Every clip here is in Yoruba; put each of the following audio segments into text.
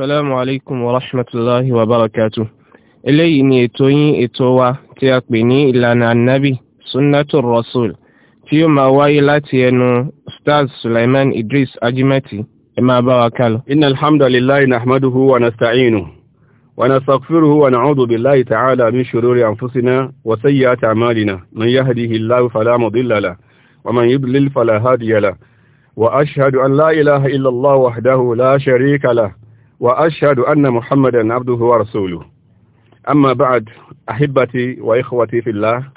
Assalamu alaikum wa rahmatullahi wa barakatuh. Eléyìí ni ètò yín ètò wa tí a pè ní ìlànà annabi Sunnatul Rasul tí ó máa wáyé láti ẹnu Ustaz Sulaiman Idris Ajimati. Ẹ máa bá wa kálọ. Inna alhamdulillahi nahmaduhu wa nasta'inu wa nastaghfiruhu wa na'udhu billahi ta'ala min shururi anfusina wa sayyiati a'malina man yahdihillahu fala mudilla lahu wa man yudlil fala hadiya lahu wa ashhadu an la ilaha illa Allah wahdahu la sharika lahu وأشهد أن محمدا عبده ورسوله أما بعد أحبتي وإخوتي في الله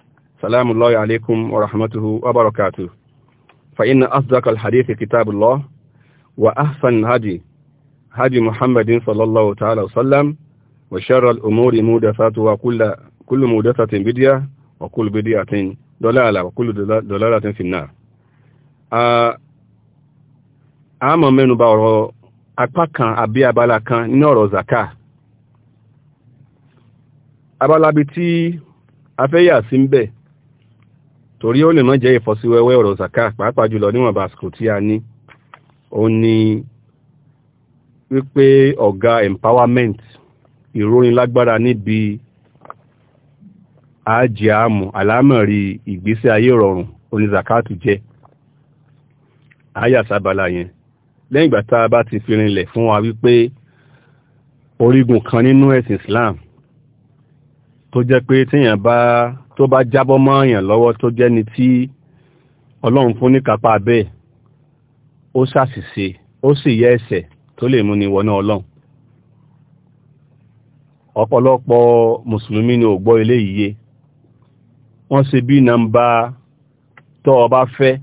سلام الله عليكم ورحمته وبركاته فإن أصدق الحديث كتاب الله وأحسن هدي هدي محمد صلى الله تعالى وسلم وشر الأمور مودثات وكل كل مودثة بدية وكل بدية ضلالة وكل ضلالة في النار أما من بارو apá kan àbí abala kan ní ọ̀rọ̀ zaka abalabi tí a fẹ́ yà sí ń bẹ̀ torí ó lè má jẹ́ ìfọ́síwẹ́wẹ́ ọ̀rọ̀ zaka pàápàá jùlọ níwọ̀n basco tí a ní ó ní wípé ọ̀gá empowerment ìrónilágbára níbi àájẹ́ àmù àlámọ̀rí ìgbésẹ̀ ayé rọrùn oní zakatu jẹ́ àyà sábàlá yẹn lẹ́yìn ìgbà tá a bá ti fi rinlẹ̀ fún wa wípé orígun kan nínú ẹ̀sìn Islam tó jẹ́ pé tíyàn bá tó bá jábọ́ mọ́ èèyàn lọ́wọ́ tó jẹ́ ni tí Ọlọ́run fún níkapá bẹ́ẹ̀ ó ṣàṣìṣe ó sì yẹ ẹ̀ṣẹ̀ tó lè mú ni wọná Ọlọ́run ọ̀pọ̀lọpọ̀ mùsùlùmí ni ò gbọ́ ilé yìí wọ́n ṣe bí nàmbà tó ọba fẹ́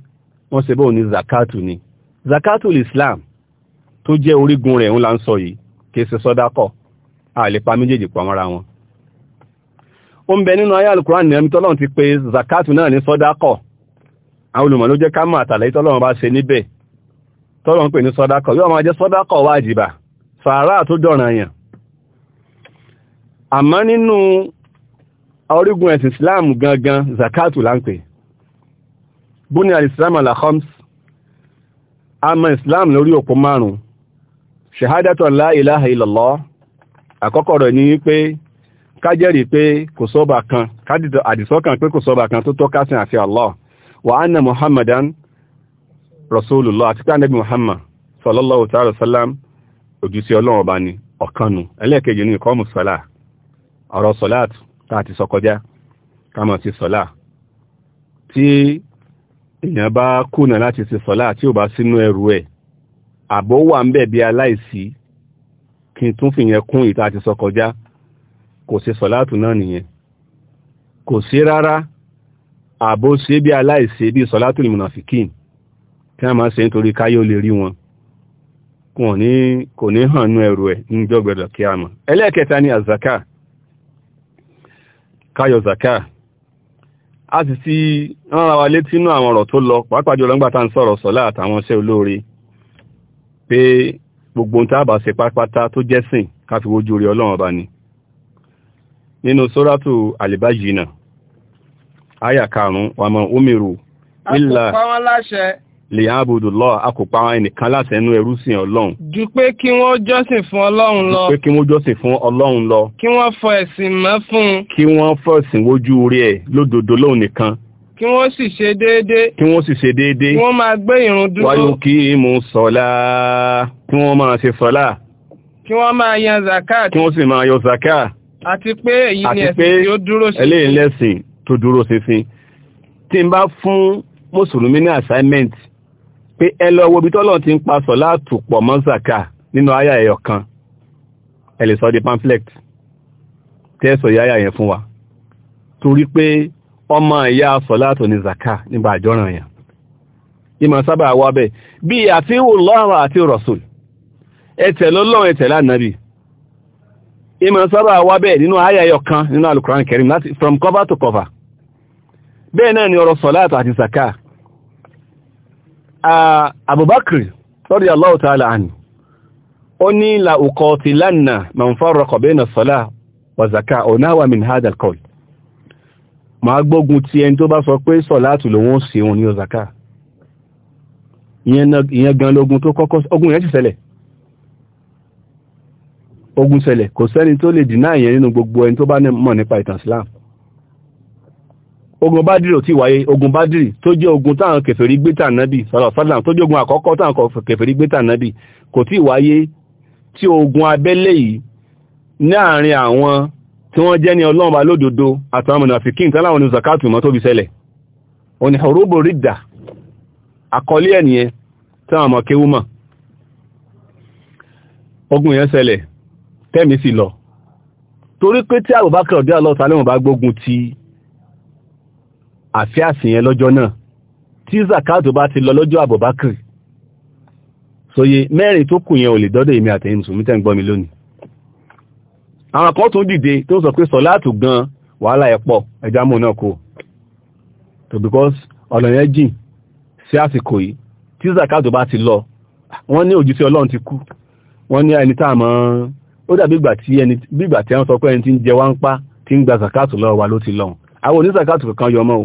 wọ́n ṣe bóun ní zakatu ni zakatul islam tó jẹ́ orígun rẹ̀ ń la ń sọ yìí kìí ṣe sọ́dákọ̀ àlepa méjèèjì pàmọ́ra wọn ó ń bẹ nínú ayé alukuran ní ẹni tọ́lọ́run ti pé zakatu náà ní sọ́dákọ̀ àwọn olùmọ̀ ló jẹ́ ká mọ̀ àtàlẹ́ tọ́lọ́run bá ṣe níbẹ̀ tọ́lọ́run pè ní sọ́dákọ̀ yóò máa jẹ́ sọ́dákọ̀ wájìbà sàárà tó dọ̀ràn yàn àmọ́ nínú orígun ẹ̀sìn islam gangan zakatu láǹpẹ̀ buni al-islam ala khams àmọ́ islam lórí òpó márùn-ún ṣehádátọ̀ la ilaha illallah àkọ́kọ́ rẹ̀ ní pé kájẹ́rì pé kò sọ́bà kan kádìtọ̀ àdìsọ́kàn pé kò sọ́bà kan tó tọ́ka sí àfi allah wa anna muhammadan rasulullah àti pé muhammad sallallahu ta'ala sallam òjúsí ọlọ́run ọba ni ọ̀kanu ẹlẹ́ẹ̀kejì ní ìkọ́mù sọ́lá ọ̀rọ̀ sọ́lá tá a èèyàn bá kùnà láti se sọ́lá àti ò bá sínú ẹrù ẹ̀ àbọ̀ wà ń bẹ̀ bí aláìsí kí n tún fìyẹn kún ìta àti sọ kọjá kò ṣe sọ́látù náà nìyẹn kò sí rárá àbọ̀ ṣe bí aláìsí bí sọ́látù lìmùnàfíkìn tí wọ́n máa ṣe nítorí káyé ó lè rí wọn kò ní hàn nú ẹrù ẹ̀ níjọ́gbẹ̀dọ̀ kí a mọ̀ ẹlẹ́ẹ̀kẹta ni azaka káyọ̀ zaka. a sì ti rán wa létí inú àwọn ọ̀rọ̀ tó lọ pàápàá jùlọ nígbà tá ń sọ̀rọ̀ sọ́lá àtàwọn iṣẹ́ olóore pé gbogbo ohun tá a bá ṣe pátápátá tó jẹ́sìn ká fi wojú rí ọlọ́run ọba ni nínú sóràtù àlìbáyìí náà áyà karùn-ún wàmọ̀ omiru ilà lè ábòdò lọ akòpa ẹnìkan láti ẹnu ẹrú sìn ọlọ́run. ju pé kí wọ́n jọ́sìn fún ọlọ́run lọ. ju pé kí wọ́n jọ́sìn fún ọlọ́run lọ. kí wọ́n fọ ẹ̀sìn mọ́ fún un. kí wọ́n fọ ẹ̀sìn wojú orí ẹ̀ lódodo lóun nìkan. kí wọ́n sì ṣe déédéé. kí wọ́n sì ṣe déédéé. kí wọ́n máa gbé ìrun dúró. wáyé kí mú sọlá kí wọ́n máa ṣe sọlá. kí wọ́n máa yan zakat. kí wọ́n sì máa yọ zakat. àti pé èyí ni ẹ̀sìn tí ó dúró ṣinṣin. assignment pé ẹ lọ wo bí tọ́lọ̀ ti ń pa sọ láàtù pọ̀ mọ́ zaka nínú àyà ẹ̀yọ̀ kan ẹ lè sọ di pamphlet tẹ́sọ̀ yáyà yẹn fún wa torí pé ọmọ ìyá sọ láàtù ní zaka nígbà àjọ́ràn yẹn ìmọ̀ sábà wá bẹ̀ bí àti Allah àti Rasul ẹ̀tẹ̀ lọ́lọ́run ẹ̀tẹ̀ lánàbì ìmọ̀ sábà wá bẹ̀ nínú àyà ẹ̀yọ̀ kan nínú al láti from cover to cover bẹ́ẹ̀ náà ni ọ̀rọ̀ sọ láàtù àti zaka Abubakar radiyallahu ta'ala anhu ó ní la uqatilanna man farraqa bayna as-salah wa zakah wa nawa min hadha al-qawl ma gbógun ti ẹni tó bá sọ pé sọ̀láàtù lòun sí òun ní ọ̀zàká ìyẹn gan lógun tó kọ́kọ́ ogun yẹn ti ṣẹlẹ̀ ogun ṣẹlẹ̀ kò sẹ́ni tó lè dínà ìyẹn nínú gbogbo ẹni tó bá mọ̀ nípa ìtàn ogun bádìrì ò ti wáyé ogun bádìrì tó jẹ́ ogun táwọn kèfèrí gbé tà nábì sàlọ̀sálàm tó jẹ́ ogun àkọ́kọ́ táwọn kèfèrí gbé tà nábì kò tí wáyé tí ogun abẹ́lé yìí ní àárín àwọn tí wọ́n jẹ́ ní ọlọ́run bá lódodo àtàwọn mùnàfíkín tán láwọn zakatu mọ́ tó fi ṣẹlẹ̀ òní ọ̀rọ̀bò rídà àkọlé ẹ̀nìyẹn táwọn ọmọ kéwú ogun yẹn ṣẹlẹ̀ tẹ́mi sì lọ torí pé tí Abubakar ọ̀dẹ́ àlọ́ta lẹ́wọ̀n bá gbógun ti àfíà sí yẹn lọ́jọ́ náà tí zakato bá ti lọ lọ́jọ́ àbọ̀bákìrì sóye mẹ́rin tó kù yẹn ò lè dọ́dọ̀ èmi àtẹ̀yìn mùsùlùmí tẹ́ ń gbọ́ mi lónìí àwọn kan tún dìde tó sọ pé sọ̀láàtù gan wàhálà ẹ̀ pọ̀ ẹja mú náà kò tó because ọ̀nà yẹn jìn sí àsìkò yìí tí zakato bá ti lọ wọ́n ní òjúṣe ọlọ́run ti kú wọ́n ní ẹni táàmọ́ ó dàbí ìgbà tí ẹni bí ìgbà tí wọ́n sọ pé ẹni tí ń jẹ wá ń pa tí ń gba zakato lọ́wọ́ wa ló ti lọ́hùn àwọn oní zakato kankan yọmọ́ o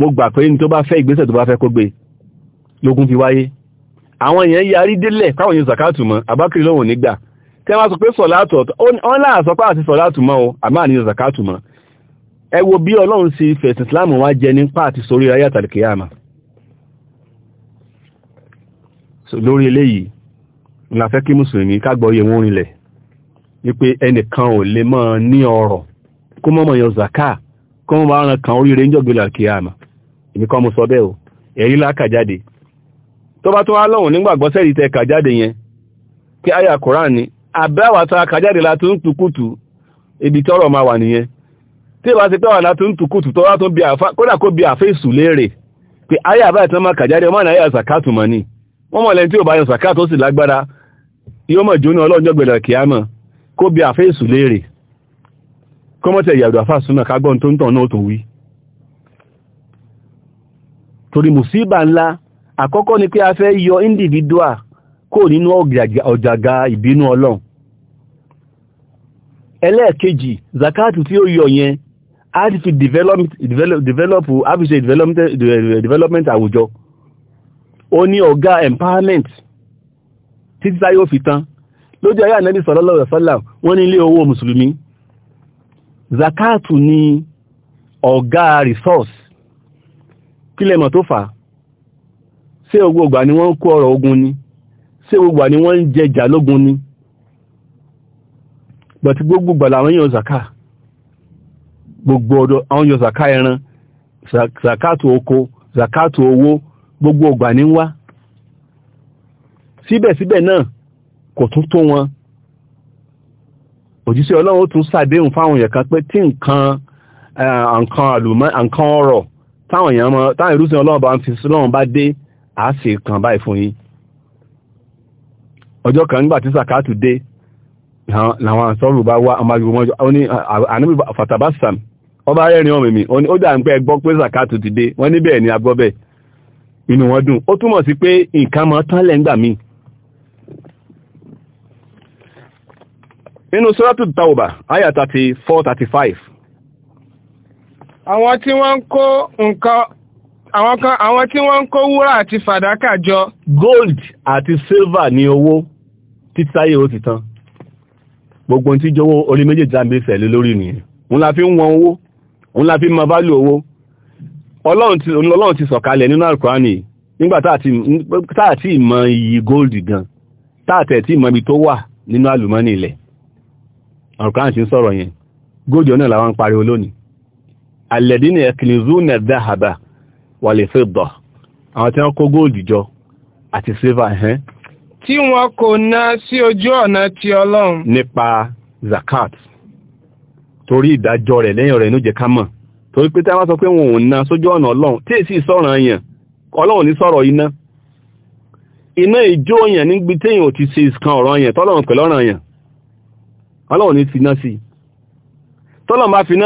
mo gbà pé ní tó bá fẹ́ ìgbésẹ̀ tó bá fẹ́ kó gbé lógún fi wáyé àwọn èèyàn yarí délẹ̀ káwọn yóò zakatu mọ́ abákiri lóhùn nígbà tẹ́ wá sọ pé sọ̀láàtù ọ̀n láàsọ pé àti sọ̀láàtù mọ́ o àmọ́ àníyàn zakatu mọ́ ẹ wo bí ọlọ́run sì fẹ̀sìn islam wá jẹ ní pààtì sórí ayé àtàlìkèyàmà lórí eléyìí la fẹ́ kí mùsùlùmí kágbọ́ iye wọn rinlẹ̀ wípé ẹnìkan ò lè mọ́ ní ọ̀rọ̀ kó mọ́mọ́ yan zaka kó mọ́ bá rán kan oríire ń jọ́gbẹ̀lẹ̀ àkíyàmà èmi kọ́ sọ bẹ́ẹ̀ o ẹ̀rí la tó bá tún wá lọ́wọ́ nígbàgbọ́sẹ̀ tẹ yẹn kí àyà koran ni àbẹ́wà tó kà la tukutu ibi tọ́rọ̀ máa wà nìyẹn tí ìbá ti pẹ́wà la tukutu tó wá bí kódà kó bí àfẹ́ ìsù léèrè pé àyà máa ni wọ́n mọ̀ lẹ́ni tí ò bá ó sì lágbára yóò mọ̀ jóná ọlọ́jọ́ gbẹ̀dọ̀ kó bí àfẹ́ ìsù léèrè kọ́mọ́tẹ̀ àfàsúnà torí mùsíbà ńlá àkọ́kọ́ ni pé a fẹ́ yọ individual kó nínú ọ̀jàgà ìbínú ọlọ́run ẹlẹ́ẹ̀kejì zakatu tí ó yọ yẹn a ti fi develop develop development àwùjọ ó ní ọ̀gá empowerment títí táyé ó fi tán lójú ayé ànẹ́bí sallallahu alaihi wasallam wọ́n resource kílẹ̀ mọ̀ tó fà á ṣé gbogbo ìgbà ni wọ́n ń kó ọ̀rọ̀ ogun ni ṣé gbogbo ìgbà ni wọ́n ń jẹjà lógun ni bọ̀tí gbogbo ìgbà làwọn yóò zaka gbogbo ọdọ̀ àwọn yóò zaka ẹran zakatu oko zakatu owó gbogbo ìgbà ní wá síbẹ̀síbẹ̀ náà kò tún tó wọn òjíṣẹ́ ọlọ́run tún ṣàdéhùn fáwọn èèyàn pé tí nǹkan eh, nǹkan táwọn èèyàn mọ́ táwọn ìrúsìn ọlọ́run bá ń fi sílọ́run bá dé àáṣe kan báyìí fún yín ọjọ́ kan nígbà tí sàkátù dé làwọn àṣọ́rù bá wá ọmọdébọmọjọ́ oní àníbì fatabasam ọba rẹ̀rin ọmọ mi ó dà ń pẹ́ gbọ́ pé sàkátù ti dé wọ́n níbẹ̀ ni agbọ́bẹ̀ inú wọn dùn ó túmọ̀ sí pé nǹkan mọ́ tán lẹ́ngbà míì nínú sọ́rọ́tù tàwọ̀bà áyà 34 35 àwọn tí wọ́n ń kó nǹkan àwọn kan àwọn tí wọ́n ń kó wúrà àti fàdákà jọ. gold àti silver ni owó títí táyé ó ti tán gbogbo ohun tí jọ̀wọ́ orí méjèèjì àmì ìfẹ̀lẹ́ lórí nìyẹn òun la fi ń wọn owó òun la fi ń ma bálù owó ọlọ́run ti sọ̀kalẹ̀ nínú àlùkùránì nígbà táàtì ìmọ̀ iyì gold gan táàtẹ̀ tí ìmọ̀ ibi tó wà nínú àlùmọ́nì ilẹ̀ àlùkùránì ti ń sọ̀rọ̀ yẹn gold ọ̀nà làwọn ń pariwo lónìí alẹ́dínà ẹ̀kìlìzúnà dáhàbà wà lè fẹ́ àwọn tí wọ́n kó góòlù jọ àti sílvà ẹ̀hẹ́n tí wọ́n kò ná sí ojú ọ̀nà ti ọlọ́run nípa zakat torí ìdájọ́ rẹ̀ lẹ́yìn rẹ̀ ló jẹ́ ká mọ̀ torí pé táwọn sọ pé wọn ò ná sójú ọ̀nà ọlọ́run tí èsì sọ̀rọ̀ yẹn ọlọ́run ní sọ̀rọ̀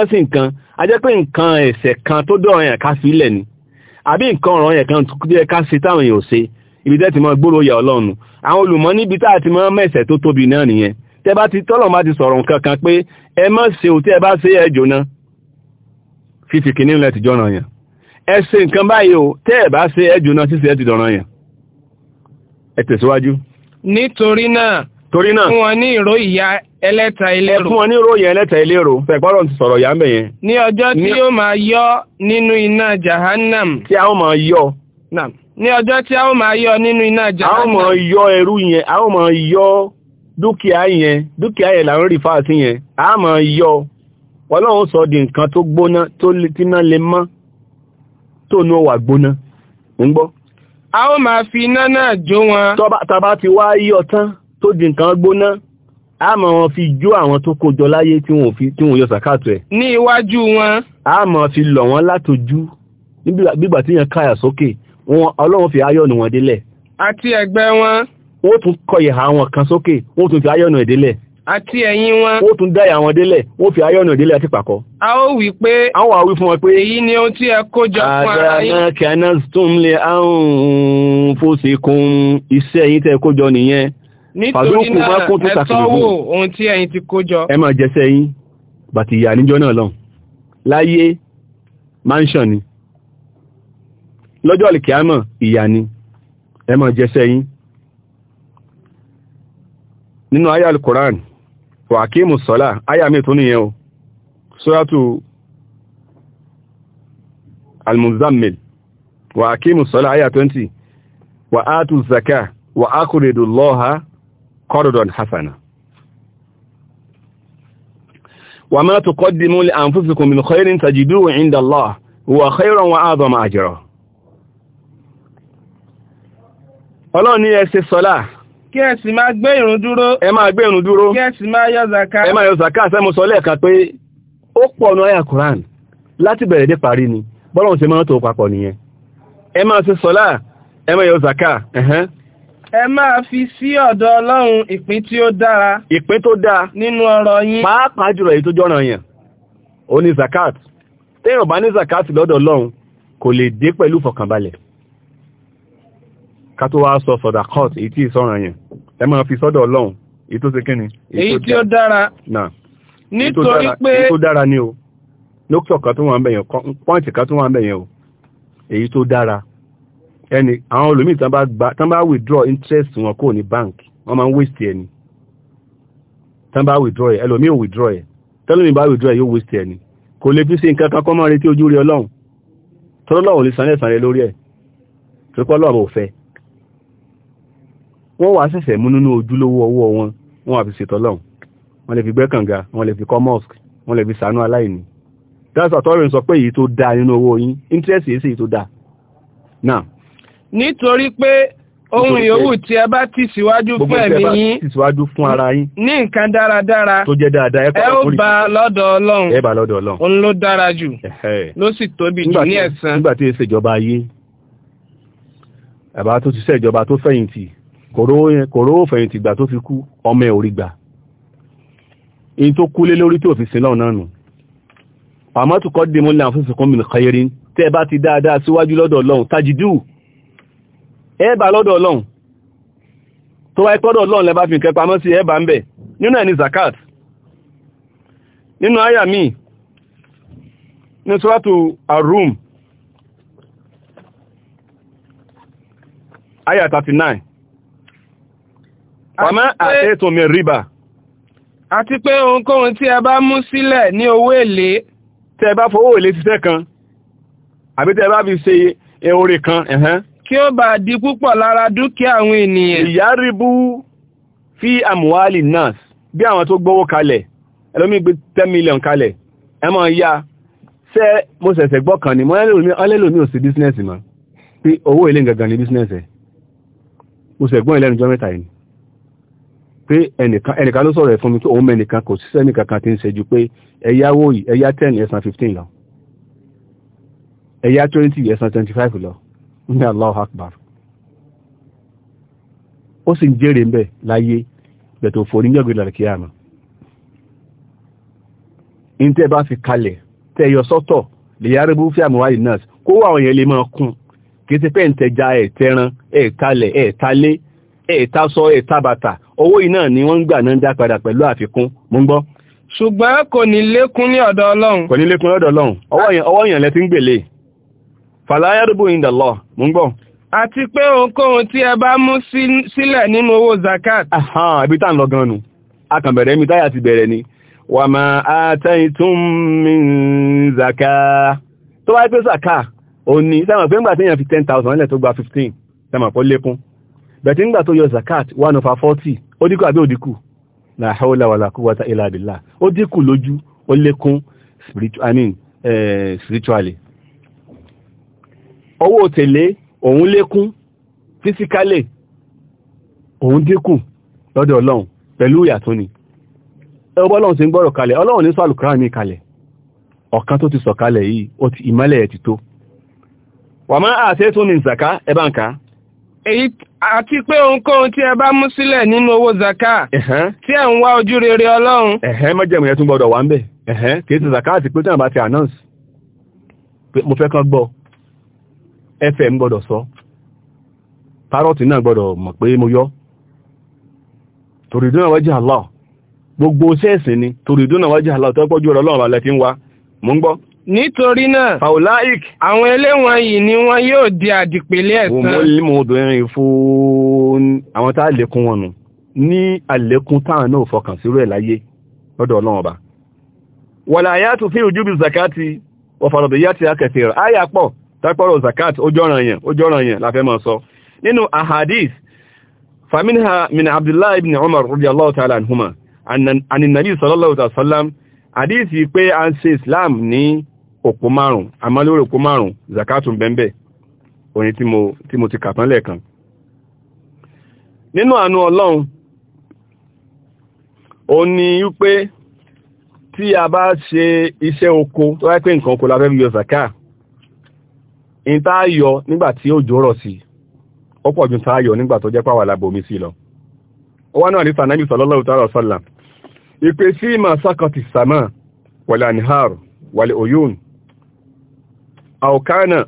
iná iná a jẹ́ pé nǹkan ẹ̀ṣẹ̀ kan tó dọ̀ ọ̀yàn ká fi ilẹ̀ ni àbí nǹkan ọ̀rọ̀ ọ̀yàn kan tó jẹ́ ká ṣe táwọn èèyàn ò ṣe ibi tẹ́ ti mọ gbòòrò yà ọlọ́run àwọn olùmọ̀ níbi tá a ti mọ mẹ́ṣẹ̀ tó tóbi náà nìyẹn tẹ́ bá ti tọ́lọ̀ má ti sọ̀rọ̀ nǹkan kan pé ẹ má ṣe o tí ẹ bá ṣe ẹ jóná fífi kìíní ńlẹ̀ ti jọ́ràn yàn ẹ ṣe nǹkan báyìí o tẹ́ ẹ bá ṣe ẹ jóná ṣíṣe ẹ ti dọ̀ràn yàn ẹ tẹ̀síwájú. nítorí náà torí náà fún wọn ní ìró ẹlẹ́ta ilérò fún wọn ní ẹlẹ́ta ilérò fẹ̀gbọ́rọ̀ ti sọ̀rọ̀ ní ọjọ́ tí máa yọ nínú iná jahannam a ó máa yọ ní ọjọ́ tí a ó máa yọ nínú iná jahannam a ó yọ ẹrú yẹn a ó máa yọ dúkìá yẹn dúkìá yẹn yẹn a máa yọ ọlọ́run sọ di nǹkan tó gbóná tó tíná lè mọ́ tó gbóná a ó fi iná náà jó wọn tọ́ba ti wá yọ tán tó di nǹkan gbóná a máa wọn fi jó àwọn tó kójọ láyé tí wọ́n yọ sàkátù ẹ̀ ní iwájú wọn a máa fi lọ̀ wọ́n látojú nígbà tí yẹn káyà sókè ọlọ́run fi ayọ̀nù wọn délẹ̀ àti ẹ̀gbẹ́ wọn wọ́n tún kọ ìhà wọn kan sókè wọ́n tún fi ayọ̀nù ẹ̀ délẹ̀ àti ẹ̀yìn wọn. ó tún dá àwọn délẹ̀ ó fi ayọ́nà délẹ̀ àti pàkọ́. a ó wí pé. àwọn àwọn wí fún wọn pé. èyí ni ohun tí ẹ kójọ fún ara yín. àdàna kẹ́nà tún lè nítorí náà ẹ̀tọ́wò ohun tí ẹ̀yin ti kó jọ ẹ máa jẹsẹ́ yín bàtì ìyà níjọ́ náà lọ́n láyé mansion ni lọ́jọ́ ìkìámọ̀ ìyà ni ẹ máa jẹsẹ́ yín nínú àyà al-Qur'an wà kí mú sọ́lá àyà mi tó nìyẹn o sóràtù al-Muzammil sọ́lá àyà 20 wà á tù zaka wà á kúrèdù lọ́ha kọ́rọ̀dọ̀n hasana wa ma tuqaddimu li anfusikum min khairin tajiduhu inda Allah huwa khairan wa a'zama ajra ọlọ́run ní ẹsẹ̀ sọ́lá kí ẹ sì máa gbé ìrùn dúró ẹ máa gbé ìrùn dúró kí ẹ sì máa yọ zaka ẹ máa yọ zaka sọ lẹ́ẹ̀ka pé ó ni ṣe máa tó papọ̀ nìyẹn ẹ máa ẹ ẹ máa fi sí ọ̀dọ̀ ọlọ́run ìpín tí ó dára. ìpín tó dáa. nínú ọrọ̀ yín. pàápàá jùlọ èyí tó jọ́ràn yẹn ó ní zakat téèyàn bá ní zakat lọ́dọ̀ ọlọ́run kò lè dé pẹ̀lú fọkànbalẹ̀ ká tó wá sọ sọ̀dà court èyí tí ìsọ̀ràn yẹn ẹ máa fi sọ́dọ̀ ọlọ́run èyí tó ṣe kí ni. èyí tí ó dára. nítorí pé èyí èyí tó dára ẹni àwọn olùmíì tán bá gba withdraw interest wọn kò ní bank wọ́n máa ń waste ẹni tán bá withdraw ẹ ẹlòmíì ò withdraw ẹ tẹ́lómi bá withdraw ẹ yóò waste ẹni kò lè fi sí nǹkan kan kọ́ máa retí ojú rí ọlọ́run tọ́lọ́lọ́run lè sanlẹ̀ sanlẹ̀ lórí ẹ̀ torípọ́ lọ́run ò fẹ́ wọ́n wá ṣẹ̀ṣẹ̀ mú nínú ojúlówó ọwọ́ wọn wọ́n wá fi ṣètọ́ lọ́run wọ́n lè fi gbẹ́ kànga wọ́n lè fi kọ́ mosque wọ́n lè fi ṣàánú aláìní dáṣà tọ́rọ̀ sọ pé èyí tó dáa nínú owó yín interest yìí sì tó dáa náà nítorí pé ohun yòówù tí ẹ bá tì síwájú fún ẹ̀mí yín ní nǹkan dáradára ẹ ó bá lọ́dọ̀ ọlọ́run òun ló dára jù ló sì tóbi jù ní ẹ̀san. nígbà tí ìṣèjọba ayé àbá tó ti ṣèjọba tó fẹ̀yìntì kòró fẹ̀yìntì ìgbà tó fi kú ọmọ ẹ̀ orí gbà in tó kúlé lórí tí òfin sílọ̀ náà nù àmọ́ tó kọ́ dé mọ́lẹ̀ àfúnṣe kan mìíràn kẹrin tẹ́ bá ti dáadáa síwájú lọ́dọ̀ ọlọ́run tajidu ẹ̀ẹ́bà lọ́dọ̀ ọlọ́run tó wáyé pọ́dọ̀ ọlọ́run lẹ́bá fi nǹkan pamọ́ sí ẹ̀ẹ́bà ń bẹ̀ nínú ẹni zakat nínú àyà mi ní suratu arum àyà 39 wàmá àtẹ́tò mi rìbà àti pé ohunkóhun tí a bá mú sílẹ̀ ní owó èlé tẹ́ bá fowó èlé ṣiṣẹ́ kan àbí tẹ́ bá fi ṣe èrè kan ẹ̀hẹ́n kí ó bá di púpọ̀ lára dúkìá àwọn ènìyàn. ìyárìbú fi àmúhálì náà bí àwọn tó gbówó kalẹ̀ ẹlòmíì gbé ten million kalẹ̀ ẹ ya ṣé mo ṣẹ̀ṣẹ̀ gbọ́ kan ni mo ọlẹ́lòmí ò sí bísínẹ́sì mọ́ pé owó ilé gangan mo ṣẹ̀gbọ́n ìlẹ́nu jọ mẹ́ta yìí pé ẹnìkan ló sọ̀rọ̀ ẹ̀ fún mi pé òun mẹ́nìkan kò sí sẹ́nìkan kan tí ń ṣe ju pé ẹ̀yáwó yìí ẹ̀yá 10 ẹ̀sán 15 lọ ẹ̀yá 20 ẹ̀sán 25 lọ ní Allahu Akbar ó sì ń jèrè ń bẹ̀ láyé bẹ̀tò fòrí jọ́gbé lárìkíyàmà in tẹ́ bá fi kalẹ̀ tẹ́ yọ sọ́tọ̀ lè yàrí bú fíàmù wáyé náà kó wà òyìn lè máa kún kì í ti pẹ́ ń tẹja ẹ̀tẹran ẹ̀talẹ̀ ẹ̀talé ẹ̀tasọ ẹ̀tabàtà owó iná ni wọ́n gbà náà dá padà pẹ̀lú àfikún mú gbọ́ ṣùgbọ́n kò ní lékún ní ọ̀dọ̀ Ọlọ́run kò ní lékún ní ọ̀dọ̀ Ọlọ́run ọwọ́ yẹn lẹ ń gbèlè fàláyàrùbù ìndàlọ́ mú gbọ́ àti pé ohunkóhun tí ẹ bá mú sílẹ̀ nínú owó zakat ahán ibi tá ń lọ gan nù akànbẹ̀rẹ̀ mi táyà ti bẹ̀rẹ̀ ni wà máa ataytum min zaka tó wáyé pé zaka ò ní sẹ́mọ̀ pé ńgbà tí èèyàn fi 10,000 nílẹ̀ tó gba 15 sẹ́mọ̀ pọ́ lékún bẹ̀tí ńgbà tó yọ zakat 1 over 40 ó dínkù àbí ó dínkù la hawla wala quwwata illa billah ó dínkù lójú ó lékún eh, spiritually owó òtèlé òun lékún físíkálẹ̀ òun dínkù lọ́dọ̀ ọlọ́run pẹ̀lú ìyàtọ̀ ẹgbọ́ ọlọ́run ti ń gbọ́rọ̀ kalẹ̀ ọlọ́run ní sọ ní kalẹ̀ ọ̀kan tó ti sọ kalẹ̀ yìí ó ti ìmọ́lẹ̀ ẹ̀ ti tó wà máa àṣẹ ní àti pé ohunkóhun tí ẹ bá mú sílẹ̀ nínú owó zaka tí ẹ ń wá ojú ti zaka fm gbọ́dọ̀ sọ párọ̀tì náà gbọ́dọ̀ mọ̀ pé mo yọ́ toriduna wájú Allah gbogbo sẹ́ẹ̀sì ni toriduna wájú Allah tó pọ́jú ọ̀rọ̀ ọlọ́run alẹ́ fi ń wa mo ń gbọ́ nítorí náà paulaik àwọn eléwọ̀n yìí ni wọ́n yóò di àdìpẹ̀lẹ̀ ẹ̀san òmòlímòbìnrin fún àwọn tá àlékún wọn nù ní àlékún táwọn náà fọkàn sírò ẹ̀ láyé lọ́dọ̀ ọlọ́run ọba wọ̀lá àyàtò ojú bí zakati ọ̀fàrọ̀dọ̀ yá ti akẹ̀fẹ̀ rẹ̀ áyà tápọ̀rọ̀ zakat ó jọ́ràn yẹn ó la yẹn láfẹ́ mọ́ sọ nínú ahadith faminha min abdullahi ibn umar radiyallahu ta'ala anhuma anin nabi sallallahu alaihi wasallam hadithi pé an ṣe islam ni òpó márùn àmọ́ lórí òpó márùn zakatun bẹ́ẹ̀bẹ́ orin tí mo tí mo ti kàtán lẹ́ẹ̀kan nínú àánú ọlọ́run ó ní wípé tí a bá ṣe iṣẹ́ oko tó wáyé pé nǹkan oko la fẹ́ bí zakat in yọ nígbà tí òjò sí ó pọ̀ ju tá yọ nígbà jẹ́ pàwà sí lọ ó náà ní sànájú sallallahu ta'ala sallam ìpè sí ìmọ̀ sákọtì sàmà wàlẹ̀ anihar wàlẹ̀ oyún àwòkánà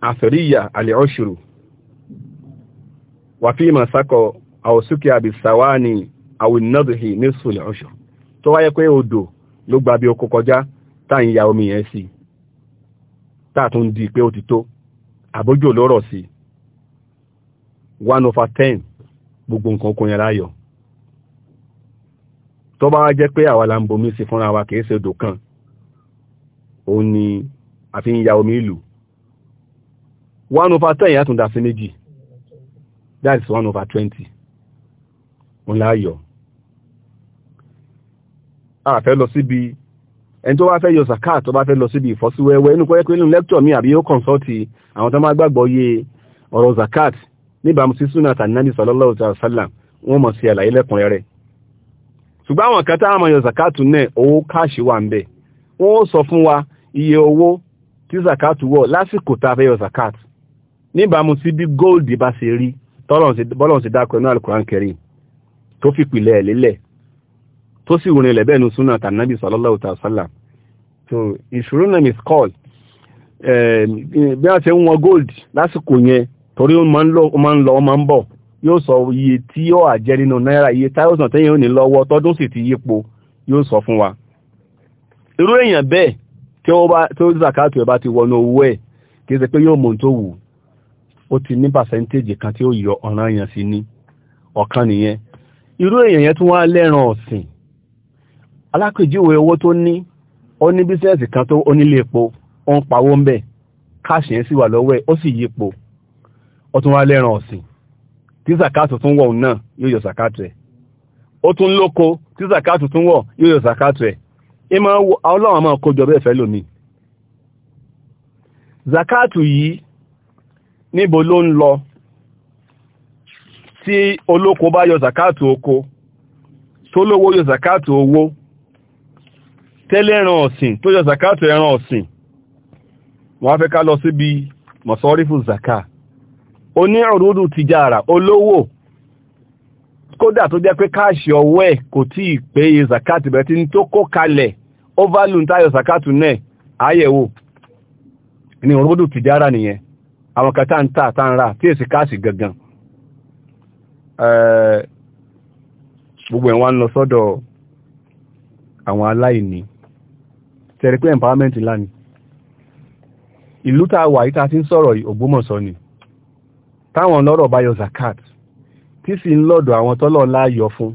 àfẹ̀ríyà àlẹ̀ ọ̀ṣùrù wàfíìmọ̀ sákọ àwòsúkì odò tààtún di pé ó ti tó àbójú olórọ̀ sí one over ten gbogbo nǹkan okun yẹn láyọ̀ tó bá jẹ́ pé àwa la ń bomi sí fúnra wa kìí ṣe odò kan ó ní a ń ya omi ìlú one over ten yàtún dà sí méjì that is one over twenty ń láyọ̀ a fẹ́ lọ síbi ẹni tó bá fẹ́ yọ zakat tó bá fẹ́ lọ síbi ìfọ́síwẹ́wẹ́ inú kọ́yẹ́ pé nínú lẹ́kítọ̀ mi àbí yóò kọ̀nsọ́ọ̀tì àwọn tó máa gbàgbọ́ yé ọ̀rọ̀ zakat níbàámu sí súnà tànàbí sallallahu alaihi wasallam wọ́n mọ̀ sí àlàyé lẹ́kùnrẹ́rẹ́ ṣùgbọ́n àwọn kan tá àmọ́ yọ zakat náà owó káàṣì wà ń bẹ wọ́n sọ fún wa iye owó tí zakat wọ̀ lásìkò tá a fẹ́ yọ zakat níbàámu sí bí góòlù bá ṣe rí tọ́lọ̀ tó sì rìn lẹ̀ bẹ́ẹ̀nu súnà tànàbí sallallahu ta'ala sallam so ìṣòro náà is called bí a ṣe ń wọn gold lásìkò yẹn torí ó máa ń lọ ó máa ń bọ̀ yóò sọ iye tí ó àjẹ́ nínú náírà iye táyọ̀sán tẹ́yìn ò ní lọ́wọ́ tọ́dún sì ti yípo yóò sọ fún wa irú èèyàn bẹ́ẹ̀ tí ó bá tó zakatu ẹ̀ bá ti wọnú owó ẹ̀ kìí ṣe pé yóò mọ̀ tó wù ó ti ní pàṣẹ́ntéèjì kan tí ó yọ ọ̀ràn èèyàn sí ní ọ̀kan nìyẹn irú èèyàn yẹn tún wá lẹ́ran ọ̀sìn alákòjúwe owó tó ní ó ní bísẹ́ẹ̀sì kan tó onílé epo ó ń pawó ń bẹ̀ káàṣì yẹn sì wà lọ́wọ́ ẹ̀ ó sì yípo ó tún wá lẹ́ran ọ̀sìn tí sàkáàtù tún wọ̀ náà yóò yọ sàkáàtù ẹ̀ ó tún lóko tí sàkáàtù tún wọ̀ yóò yọ sàkáàtù ẹ̀ ìmọ̀ ọlọ́run máa kójọ bẹ́ẹ̀ fẹ́ lómi zakatu yìí níbo ló ń lọ tí olóko bá yọ zakatu oko tó lówó yọ zakatu owó tẹ́lẹ̀ ẹran ọ̀sìn tó yọ zakato ẹran ọ̀sìn wọ́n fẹ́ ká lọ síbi mọ̀sọ́rífù zaka oní ọ̀rúdù tijara olówó kódà tó jẹ́ pé káàṣì ọwọ́ ẹ̀ kò tí ì pé iye zakat bẹ̀rẹ̀ tí tó kó kalẹ̀ óválù ń tayọ náà àyẹ̀wò ní ọ̀rúdù tìjára nìyẹn àwọn kan ń tà tá ń rà tí èsì káàṣì gangan gbogbo ẹ̀ wá ń lọ sọ́dọ̀ àwọn aláìní tẹ̀rẹ̀ pé empowerment ńlá ni ìlú tá a wà yìí tá ń sọ̀rọ̀ yìí ni táwọn lọ́rọ̀ bá yọ zakat tí sì ń lọ́dọ̀ àwọn tọ́lọ̀ ńlá yọ fún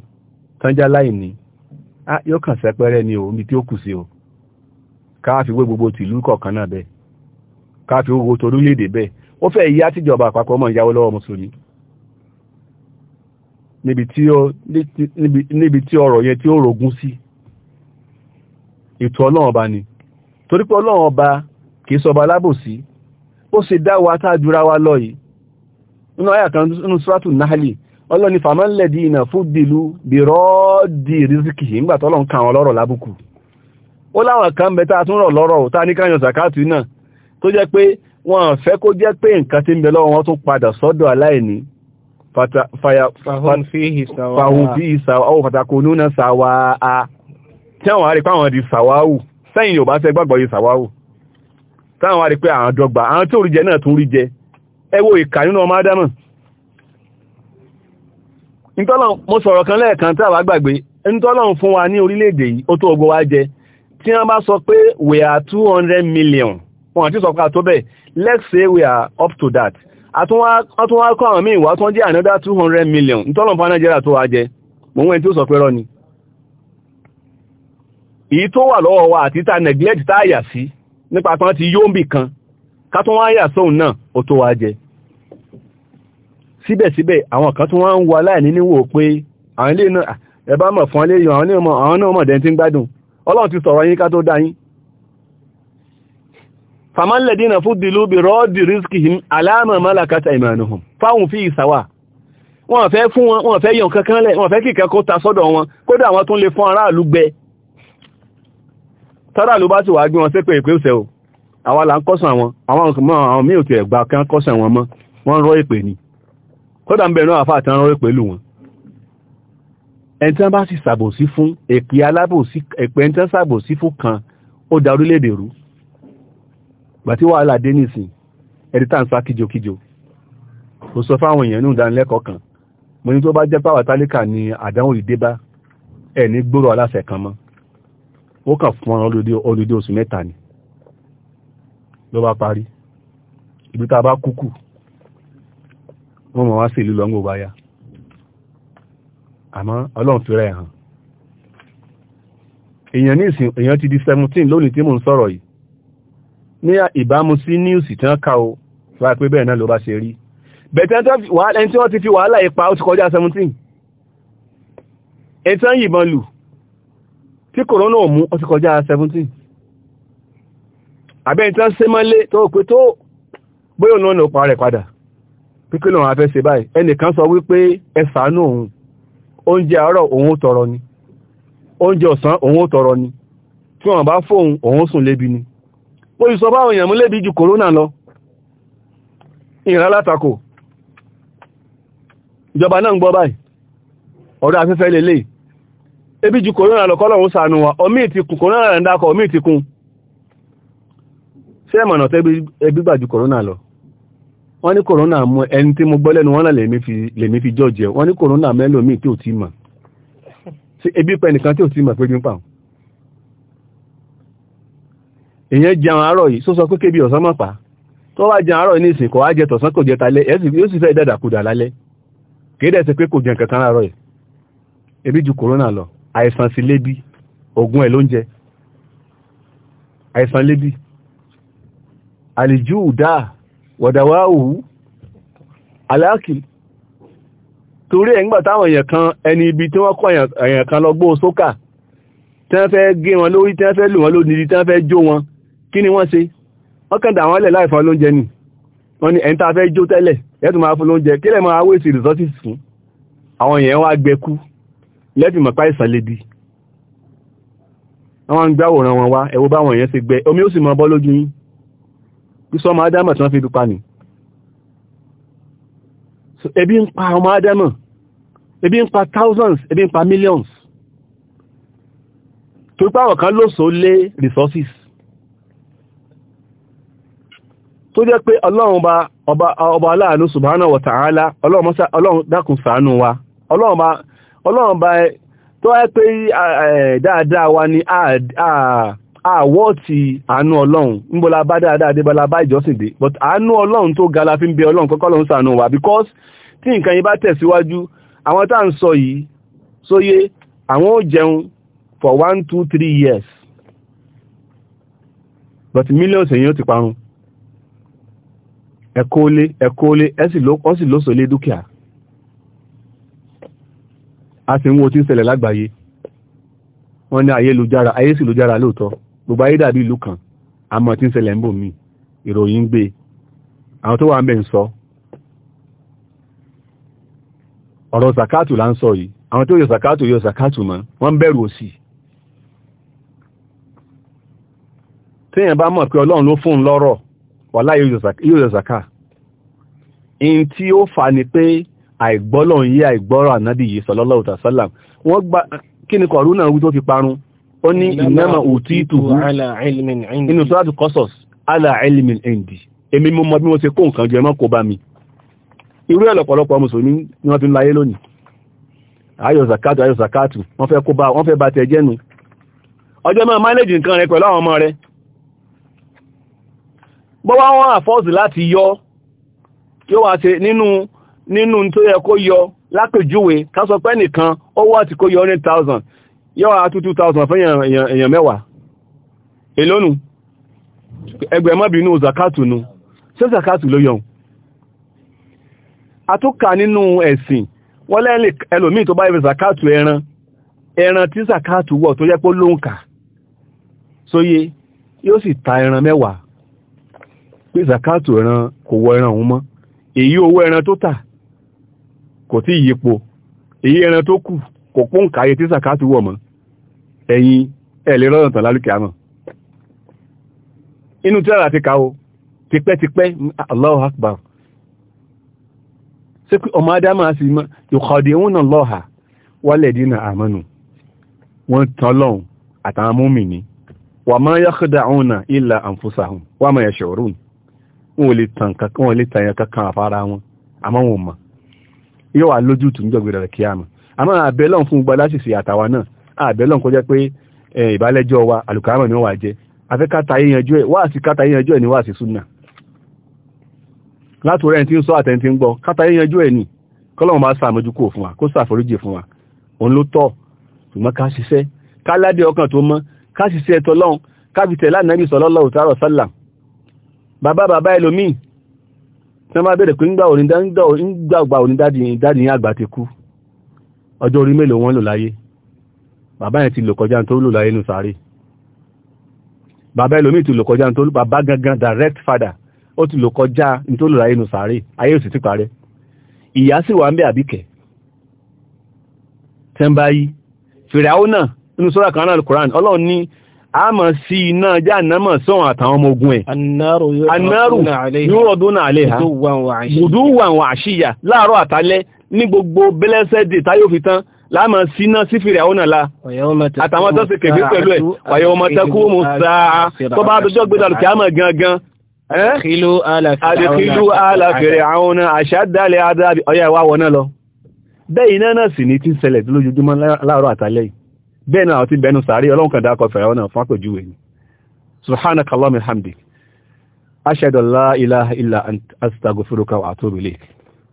tánjá láì ní yóò kàn sẹ́pẹ́rẹ́ ni omi tí ó kù sí o káàfiwé gbogbo tìlú kọ̀ọ̀kan náà bẹ́ẹ̀ káàfiwé gbogbo torílẹ̀-èdè bẹ́ẹ̀ ó fẹ́ yá tíjọba àpapọ̀ mọ̀ ìyáwó lọ́wọ́ mùsùlùmí níbi tí ọ̀rọ̀ yẹn tí ó rogún sí ètò ọlọ́run ọba ni torí pé ọlọ́run ọba kìí sọba alábòsí ó ṣe dá wa tá a jura wa lọ yìí nínú àyà kan nínú sùràtù náhálì ọlọ́run ni fàmọ́lẹ̀dì ìnà fúdìlú bìrọ́ọ̀dì rìsíkì nígbà tọ́lọ́run kà wọn lọ́rọ̀ lábùkù ó láwọn kan bẹ tá a tún rọ̀ lọ́rọ̀ tá a ní káyọ̀ náà tó jẹ́ tí àwọn àrí pé àwọn di sàwáwù sẹ́yìn yóò bá tẹ́ gbàgbọ́ yìí sàwáwù táwọn àrí pé àwọn dọ́gba àwọn tí ò rí jẹ náà tún rí jẹ ẹwọ ìkà nínú ọmọ ádámà nítọ́lọ̀ mo sọ̀rọ̀ kan lẹ́ẹ̀kan tí gbàgbé nítọ́lọ̀ fún wa ní orílẹ̀-èdè yìí ó tó ogun sọ pé we let's say we are up to that àtúnwá kọ́ àwọn míì wá tán jẹ́ another 200 million nítọ́lọ̀ fún wa jẹ ń wẹ́n tí sọ pé rọ́ ni èyí tó wà lọ́wọ́ wa àti ta neglect tá àyà sí nípa tán ti yóò ń bì kan ká tó wọ́n àyà sóhun náà ó tó wá jẹ síbẹ̀síbẹ̀ àwọn kan tó wọ́n ń wà láì níníwò pé àwọn ilé náà ẹbá mọ̀ fún ilé yàn àwọn náà mọ̀ dẹ̀ tí ń gbádùn ọlọ́run ti sọ̀rọ̀ yín ká tó dá yín famalẹ̀dínà fún dìlú bí rọ́ọ̀dì rísíkìhìm aláàmà málàkátà ìmànuhùn fáwọn fi ìsàwà wọ́n fẹ́ fún wọn wọ́n fẹ́ yàn kankanlẹ̀ wọ́n fẹ́ kíkẹ́kọ́ ta sọ́dọ̀ wọn kódà wọn tún lè fún aráàlú gbẹ tọ́rà ló bá sì wá gbé wọn sépè ìpé òsẹ̀ o àwa là ń kọ́sàn àwọn àwọn ọmọ àwọn míì òkè ẹ̀gbà kan kọ́sàn wọn mọ́ wọ́n rọ́ ìpè ni kódà ń bẹ̀rẹ̀ àfáà tán rọ́ ìpè lù wọn ẹni tán bá sì ṣàbòsí fún èpè alábòsí èpè ẹni tán ṣàbòsí fún kan ó da orílẹ̀-èdè rú gbàtí wàhálà dé nìsín ẹni tá à ń sá kíjokíjo ó sọ fáwọn èèyàn ní ìdánilẹ́kọ̀ọ́ kan mo ní tó bá jẹ́ pàwátálíkà ni àdánwò ìdébá ẹ̀ ní gbòòrò aláṣẹ kan mọ́ ó kà fún wọn olùdí oṣù mẹ́ta ni ló bá parí ibi tá a bá kúkù wọ́n mọ̀ wá sí ìlú lọ́ngbò bá yá àmọ́ ọlọ́run fi rẹ̀ hàn èèyàn ní ìsìn èèyàn ti di 17 lónìí tí mò ń sọ̀rọ̀ yìí ní ìbámu sí níùsì tí wọ́n ká o fà pé bẹ́ẹ̀ náà ló bá ṣe rí bẹ̀tẹ̀ ẹni tí wọ́n ti fi wàhálà ipa ó ti kọjá 17 ẹ̀tàn yìnbọn lù tí corona mú ó ti kọjá 17 àbẹ́ ìtàn ṣe mọ́lé tó pé tó bóyọ̀ náà náà parẹ̀ padà pípẹ́ náà afẹ́ ṣe báyìí ẹnìkan sọ wípé ẹ òun oúnjẹ àárọ̀ òun tọrọ ni oúnjẹ ọ̀sán òun tọrọ ni tí wọ́n bá fóun òun sùn lébi ni sì sọ lébi ju lọ ìran látakò ìjọba náà ń gbọ́ báyìí ọ̀rọ̀ afẹ́fẹ́ lélẹ́yìí ebi ju kòrónà lọ kọ́lọ̀wọ́ sànú wa omi ìtìkùn kòrónà rẹ̀ ń dákọ̀ omi ìtìkùn ṣé ẹ̀mọ̀nà tẹ́ ebi gbà ju kòrónà lọ wọ́n ní kòrónà mú ẹni tí mo gbọ́ lẹ́nu wọ́n náà lèmi fi jọ́ọ̀jì ẹ̀ wọ́n ní kòrónà mẹ́lò míì tí ò ti mà sí ebi pẹ́ nìkan tí ò ti mà pé bí ń pa èèyàn jẹun àárọ̀ yìí só sọ pé kébi ọ̀sán mọ̀ pa tó wá jẹun àárọ̀ ní ìsìn kò tọ̀sán kò jẹ talẹ́ yóò sì fẹ́ dàdàkudà lálẹ́ kéde ẹsẹ̀ pé kò jẹun kankan láàárọ̀ yìí ebi ju kòrónà lọ àìsàn sí lébi oògùn ẹ̀ ló ń jẹ àìsàn lébi àlìjú ìdá wọ̀dàwà òhú aláàkìlì torí ẹ̀ ńgbà táwọn èèyàn kan ẹni ibi tí wọ́n kọ́ èèyàn kan lọ gbóò sókà tí wọ́n fẹ́ gé wọn lórí tí wọ́n fẹ́ lù wọn lónìí tí wọ́n fẹ́ jó wọn kí ni wọ́n ṣe wọ́n kàn dà wọ́n lẹ̀ láìfọ́ lóúnjẹ nì wọ́n ní ẹ̀ńtà fẹ́ jó tẹ́lẹ̀ yẹ́tù máa fún lóúnjẹ máa wéèsì resources fún àwọn èèyàn wá gbẹkú lẹ́bì mọ̀pá ìsànlédí wọ́n ń gbáwòrán wọn wá ẹwọ báwọn èèyàn ti gbẹ omi ó sì mọ́ bọ́ lójú yín kí sọ ọmọ adámọ̀ tí wọ́n fi dupa nì ebi ń pa ọmọ adámọ̀ ebi ń pa thousands ebi ń pa millions tó pàwọ̀ kan ló so lé resources tó jẹ́ pé ọlọ́run bá ọba aláàánú subhanahu wa ta'ala ọlọ́run dákun ṣàánú wa ọlọ́run bá ọlọ́run bá tó wáyé pé dáadáa wa ni àwọ́ọ̀tì àánú ọlọ́run níbola bá dáadáa dé bọ́lá bá ìjọsìn dé but àánú ọlọ́run tó ga la fi ń bẹ ọlọ́run kọ́kọ́ lọ́run ṣàánú wa because tí nǹkan yìí bá tẹ̀síwájú àwọn tá à ń sọ yìí sóyé àwọn ò jẹun for one two three years but millions èyàn ti parun ẹ̀kọ́ lé ẹ̀kọ́ lé ẹ̀ sì lóṣòlé dúkìá a sì ń wo tí ń ṣẹlẹ̀ lágbàáyé wọ́n ní ayélujára ayé sì lójára lóòótọ́ gbogbo ayé dàbí ìlú kan àmọ́ tí ń ṣẹlẹ̀ ń bò mí ìròyìn ń gbé àwọn tó wà ń bẹ̀ ń sọ ọ̀rọ̀ zakatu là ń sọ yìí àwọn tó zakatu yọ zakatu mọ́ wọ́n bẹ̀rù òsì téèyàn bá mọ̀ pé ọlọ́run ló fún un lọ́rọ̀ wà láyé yọ zaka in tí ó fà ní pé àìgbọ́lọ̀ yí àìgbọ́rọ̀ ànábì yìí sallallahu alaihi wasallam wọ́n gba kí ni kọ̀rú náà wí tó fi parun ó ní innama utituhu inú tó láti kọ́sọ̀s ala ilmin èmi mo bí mo ṣe kó nǹkan jẹ mọ́ bá mi irú ẹ̀ lọ́pọ̀lọpọ̀ mùsùlùmí ni wọ́n fi ń láyé lónìí ayọ̀ zakatu ayọ̀ zakatu wọ́n fẹ́ kó bá wọ́n fẹ́ bá tẹ jẹ́nu ọjọ́ máa manage nǹkan rẹ pẹ̀lú àwọn ọmọ rẹ nínú tó yẹ kó yọ lápèjúwe ká sọ pé nìkan ó wà tí kó yọ ní 1000 yọ àtú 2000 fún èèyàn mẹ́wàá èlónù ẹgbẹ̀mọ́bìnú zakatu nu ṣé zakatu ló yọun àtúkà nínú ẹ̀sìn wọ́n lẹ́lẹ̀ ẹlòmí tó bá ibi zakatu ẹran ẹran tí zakatu wọ̀ tó yẹ pó ló ń kà sóyé yóò sì ta ẹran mẹ́wàá pé zakatu ẹran kò wọ ẹran òun mọ́ èyí owó ẹran tó tà kò tí yípo èyí ẹran tó kù kò pọ́n káyé tí sàkátù wọ̀ mọ́ ẹ̀yin ẹ̀ lè rọ́nà tàn lálùkẹ́ àmọ́ inú tí ara ti ká tipẹ́tipẹ́ Allahu Akbar sí pé ọmọ adámà sí mọ́ yukhadi'una Allaha walladina amanu wọ́n tán lọ́hùn àtàwọn múmìnì wa ma yakhda'una illa anfusahum wa ma yash'urun wọn ò lè tàn kankan àfárá wọn àmọ́ wọn mọ̀ yóò wà lójútùú níjọ̀gbé rẹ̀ kíámà àmọ́ àbẹ́lọ́n fún gbọ́ fun àtàwa náà àbẹ́lọ́n kọjá pé ìbálẹ́jọ́ wa àlùkàmọ̀ ni wọ́n wà jẹ́ afẹ́ yíyanjú ẹ̀ wá sí káta yíyanjú ẹ̀ ni wá sí súnà látòrẹ́ tí ń sọ àtẹ́ tí ń gbọ́ káta yíyanjú ẹ̀ ni kọ́lọ́wọ́n bá sàmójú kò fún wa kó sàforíjì fún wa òun ló tọ́ ṣùgbọ́n ká ṣiṣẹ́ ká ládé ọkàn tó mọ́ ká ṣiṣẹ́ tọlọ́run ká fi tẹ̀lá bàbá bàbá ẹlòmíì tí wọ́n bá bẹ̀rẹ̀ pé ńgbàgbà onídádì ní àgbà ti kú ọjọ́ orí mélòó wọ́n lò láyé bàbá yẹn ti lò kọjá tó lò láyé nù sáré bàbá ẹlòmí ti lò kọjá tó lò bàbá gangan direct father ó ti lò kọjá tó lò láyé nù sáré ayé òsì sì ti parẹ́ ìyá sì wà ń bẹ àbíkẹ́ tẹ́ńbáyí fìràwọ́ náà nínú sọ́rọ̀ kan náà a mọ̀ sí iná jahannama sán àtàwọn ọmọ ogun ẹ̀ anáàrù yóò dúnà àlẹ́ ha gùdú wà wà àṣíyà láàárọ̀ àtàlẹ́ ní gbogbo bẹ́lẹ́sẹ́dì táyò fi tán láàmà síná sí fìrì àwọn ọ̀nà àtàwọn tó sì kèfé pẹ̀lú ẹ̀ wàyọ̀ ọmọ tẹ́kú mú sáà tó bá dọjọ́ gbẹ́dọ̀ kí á mọ̀ gangan àdìkílú alàfẹ́rẹ̀ àwọn àṣádálẹ̀ adábi ọyá ìwà wọ̀ bẹ́ẹ̀ náà ti bẹnu sàárì ọlọ́run kan dákọ̀ fẹ̀rẹ̀ náà fún àpèjúwe ni subhanakallahumma hamdik ashhadu an la ilaha illa anta astaghfiruka wa atubu